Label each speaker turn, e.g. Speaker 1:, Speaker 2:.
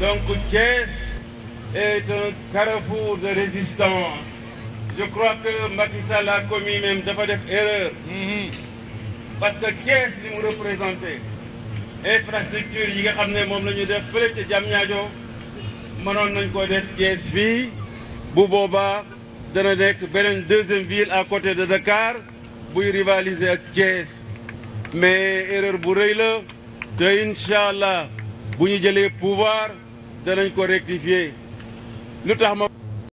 Speaker 1: Donc Thiès est un carrefour de résistance. Je crois que Macky la a commis même dafa def erreur. Mhm. parce que Thiès li mu représenté infrastructure yi nga xam ne moom la ñu def fële ca Diamniadio mënoon nañ ko def Thiès fii bu boobaa dana nekk beneen deuxième ville à côté de Dakar buy rivaliser ak Thiès mais erreur bu rëy la te incha allah bu ñu jëlee pouvoir danañ ko rectifier lu tax ma